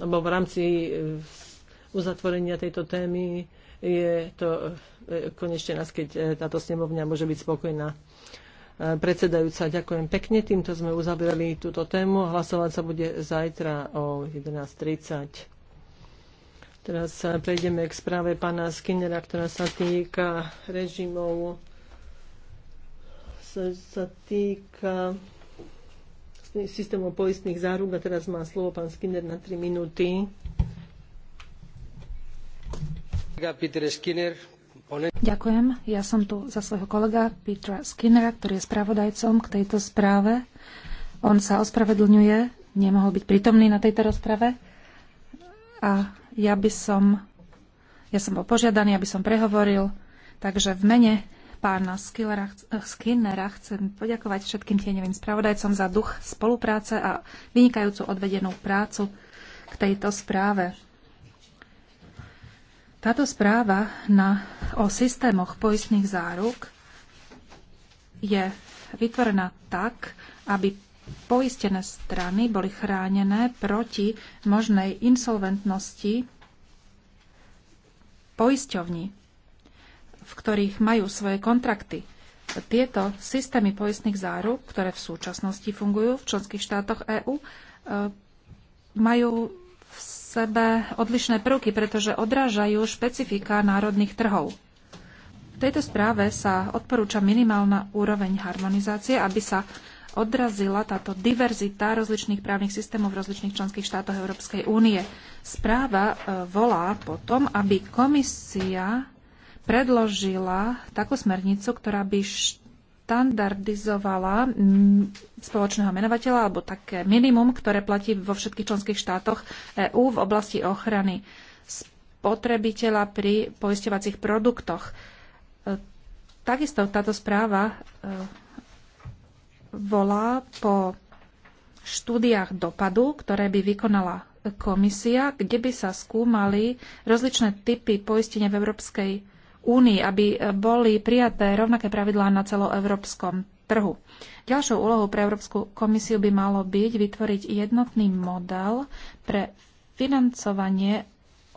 lebo v rámci eh, uzatvorenia tejto témy je to eh, konečne nás, keď eh, táto snemovňa môže byť spokojná. Predsedajúca, ďakujem pekne. Týmto sme uzavreli túto tému. Hlasovať sa bude zajtra o 11.30. Teraz prejdeme k správe pána Skinnera, ktorá sa týka režimov, sa týka poistný, systému poistných záruk. A teraz má slovo pán Skinner na 3 minúty. Ďakujem. Ja som tu za svojho kolega Petra Skinnera, ktorý je spravodajcom k tejto správe. On sa ospravedlňuje, nemohol byť prítomný na tejto rozprave. A ja by som, ja som bol požiadaný, aby som prehovoril. Takže v mene pána Skillera, eh, Skinnera chcem poďakovať všetkým tieňovým spravodajcom za duch spolupráce a vynikajúcu odvedenú prácu k tejto správe. Táto správa na, o systémoch poistných záruk je vytvorená tak, aby poistené strany boli chránené proti možnej insolventnosti poisťovní v ktorých majú svoje kontrakty. Tieto systémy poistných záruk, ktoré v súčasnosti fungujú v členských štátoch EÚ, e, majú v sebe odlišné prvky, pretože odrážajú špecifika národných trhov. V tejto správe sa odporúča minimálna úroveň harmonizácie, aby sa odrazila táto diverzita rozličných právnych systémov v rozličných členských štátoch Európskej únie. Správa e, volá potom, aby komisia predložila takú smernicu, ktorá by štandardizovala mm, spoločného menovateľa alebo také minimum, ktoré platí vo všetkých členských štátoch EÚ v oblasti ochrany spotrebiteľa pri poisťovacích produktoch. E, takisto táto správa e, volá po štúdiách dopadu, ktoré by vykonala komisia, kde by sa skúmali rozličné typy poistenia v Európskej únii, aby boli prijaté rovnaké pravidlá na celoevropskom trhu. Ďalšou úlohou pre Európsku komisiu by malo byť vytvoriť jednotný model pre financovanie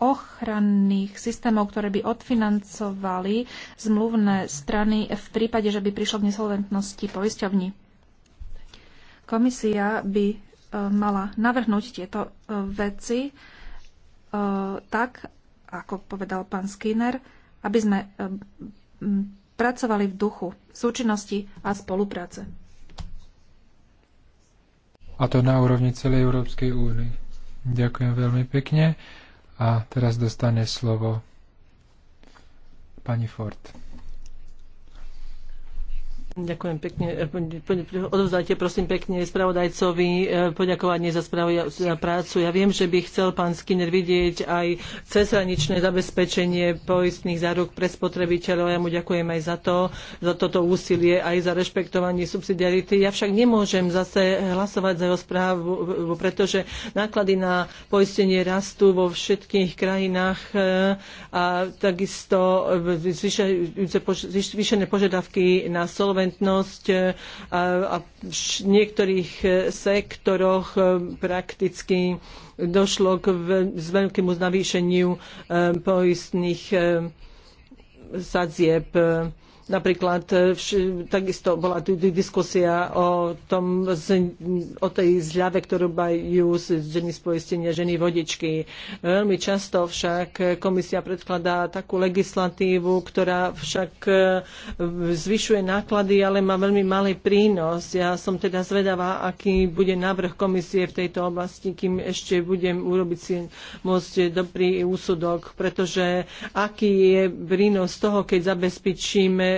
ochranných systémov, ktoré by odfinancovali zmluvné strany v prípade, že by prišlo k nesolventnosti poisťovní. Komisia by e, mala navrhnúť tieto e, veci e, tak, ako povedal pán Skinner, aby sme pracovali v duchu súčinnosti a spolupráce. A to na úrovni celej Európskej únie. Ďakujem veľmi pekne. A teraz dostane slovo pani Ford. Ďakujem pekne. Eh, odovzdajte prosím pekne spravodajcovi eh, poďakovanie za, spravu, za prácu. Ja viem, že by chcel pán Skinner vidieť aj cezhraničné zabezpečenie poistných záruk pre spotrebiteľov. Ja mu ďakujem aj za to, za toto úsilie, aj za rešpektovanie subsidiarity. Ja však nemôžem zase hlasovať za jeho správu, eh, pretože náklady na poistenie rastú vo všetkých krajinách a takisto zvýšené požiadavky na solvent transparentnosť e, a v niektorých e, sektoroch e, prakticky došlo k veľkému navýšeniu poistných sadzieb Napríklad e, takisto bola tu diskusia o, tom, o tej zľave, ktorú majú ženy spoistenia, ženy vodičky. Veľmi často však komisia predkladá takú legislatívu, ktorá však e, zvyšuje náklady, ale má veľmi malý prínos. Ja som teda zvedavá, aký bude návrh komisie v tejto oblasti, kým ešte budem urobiť si môcť dobrý úsudok, pretože aký je prínos toho, keď zabezpečíme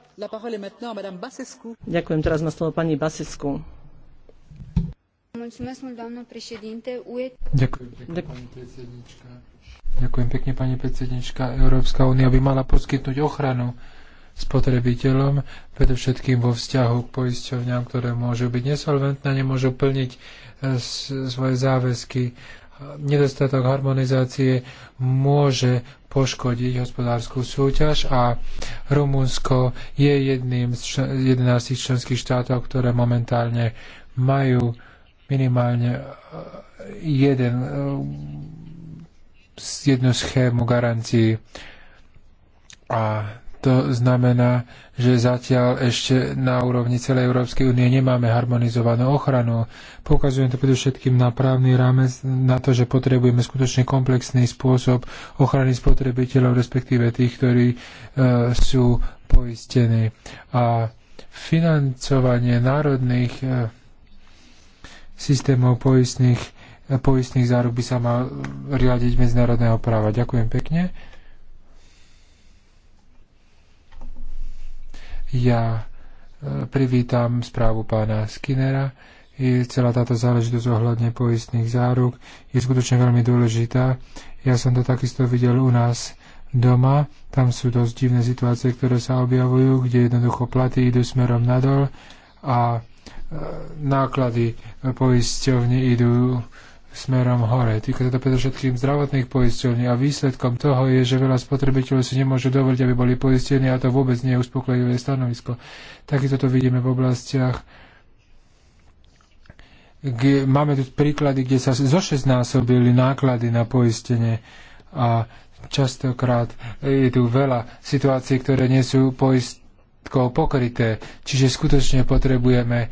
Ďakujem, teraz má slovo pani Basescu. Ďakujem pekne, pani predsednička. Ďakujem pekne, pani predsednička. Európska únia by mala poskytnúť ochranu spotrebiteľom, predovšetkým vo vzťahu k poisťovňam, ktoré môžu byť nesolventné, nemôžu plniť eh, svoje záväzky nedostatok harmonizácie môže poškodiť hospodárskú súťaž a Rumunsko je jedným z 11 členských štátov, ktoré momentálne majú minimálne e, jeden, e, jednu schému garancií. A to znamená, že zatiaľ ešte na úrovni celej Európskej únie nemáme harmonizovanú ochranu. Poukazujem to predovšetkým na právny rámec, na to, že potrebujeme skutočne komplexný spôsob ochrany spotrebiteľov, respektíve tých, ktorí e, sú poistení. A financovanie národných e, systémov poistných, e, poistných záruk by sa mal riadiť medzinárodného práva. Ďakujem pekne. Ja e, privítam správu pána Skinnera. I celá táto záležitosť ohľadne poistných záruk je skutočne veľmi dôležitá. Ja som to takisto videl u nás doma. Tam sú dosť divné situácie, ktoré sa objavujú, kde jednoducho platy idú smerom nadol a e, náklady poisťovne idú smerom hore. Týka sa to predovšetkým zdravotných poisťovní a výsledkom toho je, že veľa spotrebiteľov si nemôžu dovoliť, aby boli poistení a to vôbec nie je uspokojivé stanovisko. Takisto to vidíme v oblastiach, kde máme tu príklady, kde sa zo 6 násobili náklady na poistenie a častokrát je tu veľa situácií, ktoré nie sú poistkou pokryté. Čiže skutočne potrebujeme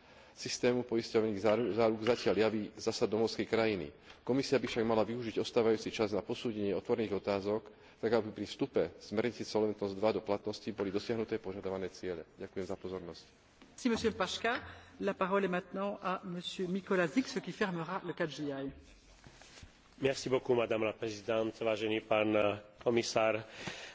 systému poisťovných záruk zatiaľ javí zásah domovskej krajiny. komisia by však mala využiť ostávajúci čas na posúdenie otvorených otázok tak aby pri vstupe smernice solventnosť ii do platnosti boli dosiahnuté požadované ciele. ďakujem za pozornosť.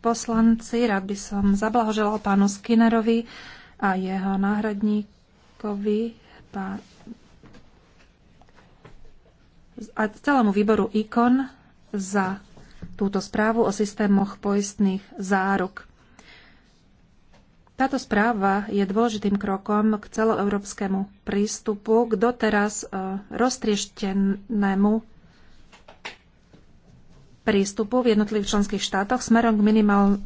poslanci, rád by som zablahoželal pánu Skinnerovi a jeho náhradníkovi pán... a celému výboru IKON za túto správu o systémoch poistných záruk. Táto správa je dôležitým krokom k celoeurópskemu prístupu k doteraz e, roztrieštenému prístupu v jednotlivých členských štátoch smerom k minimál,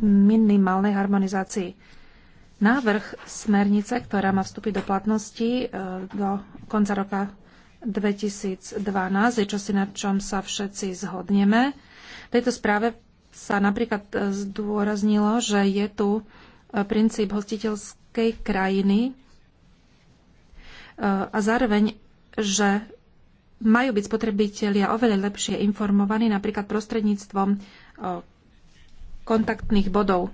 minimálnej harmonizácii. Návrh smernice, ktorá má vstúpiť do platnosti e, do konca roka 2012, je čosi, na čom sa všetci zhodneme. V tejto správe sa napríklad e, zdôraznilo, že je tu e, princíp hostiteľskej krajiny a zároveň, že majú byť spotrebitelia oveľa lepšie informovaní, napríklad prostredníctvom kontaktných bodov.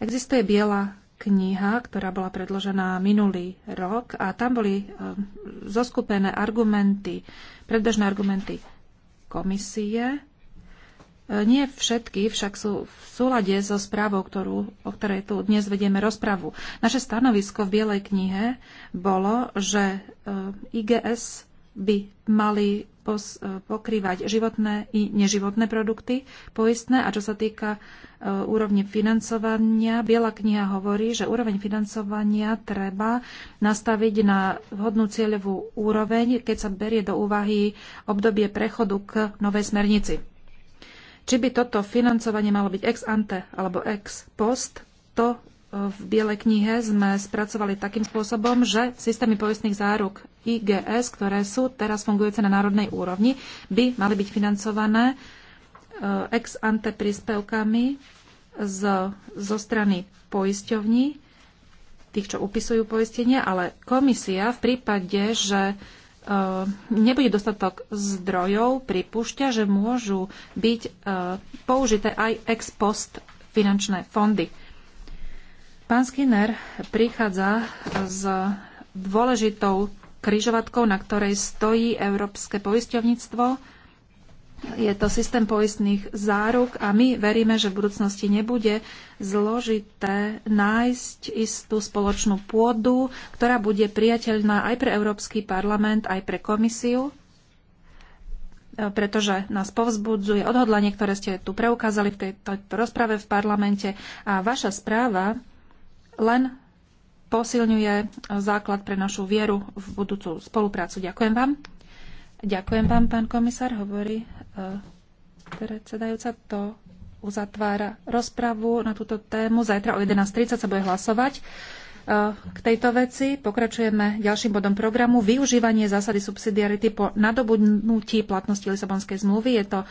Existuje biela kniha, ktorá bola predložená minulý rok a tam boli zoskupené argumenty, predbežné argumenty komisie. E, nie všetky však sú v súlade so správou, ktorú, o ktorej tu dnes vedieme rozpravu. Naše stanovisko v Bielej knihe bolo, že e, IGS by mali e, pokrývať životné i neživotné produkty, poistné. A čo sa týka e, úrovne financovania, Biela kniha hovorí, že úroveň financovania treba nastaviť na vhodnú cieľovú úroveň, keď sa berie do úvahy obdobie prechodu k novej smernici. Či by toto financovanie malo byť ex ante alebo ex post, to v Bielej knihe sme spracovali takým spôsobom, že systémy poistných záruk IGS, ktoré sú teraz fungujúce na národnej úrovni, by mali byť financované e, ex ante príspevkami z, zo strany poisťovní, tých, čo upisujú poistenie, ale komisia v prípade, že e, nebude dostatok zdrojov, pripúšťa, že môžu byť e, použité aj ex post finančné fondy Pán Skinner prichádza s dôležitou križovatkou, na ktorej stojí európske poisťovníctvo. Je to systém poistných záruk a my veríme, že v budúcnosti nebude zložité nájsť istú spoločnú pôdu, ktorá bude priateľná aj pre Európsky parlament, aj pre komisiu pretože nás povzbudzuje odhodlanie, ktoré ste tu preukázali v tejto rozprave v parlamente. A vaša správa len posilňuje základ pre našu vieru v budúcu spoluprácu. Ďakujem vám. Ďakujem vám, pán komisár, hovorí e, predsedajúca. To uzatvára rozpravu na túto tému. Zajtra o 11.30 sa bude hlasovať e, k tejto veci. Pokračujeme ďalším bodom programu. Využívanie zásady subsidiarity po nadobudnutí platnosti Lisabonskej zmluvy. Je to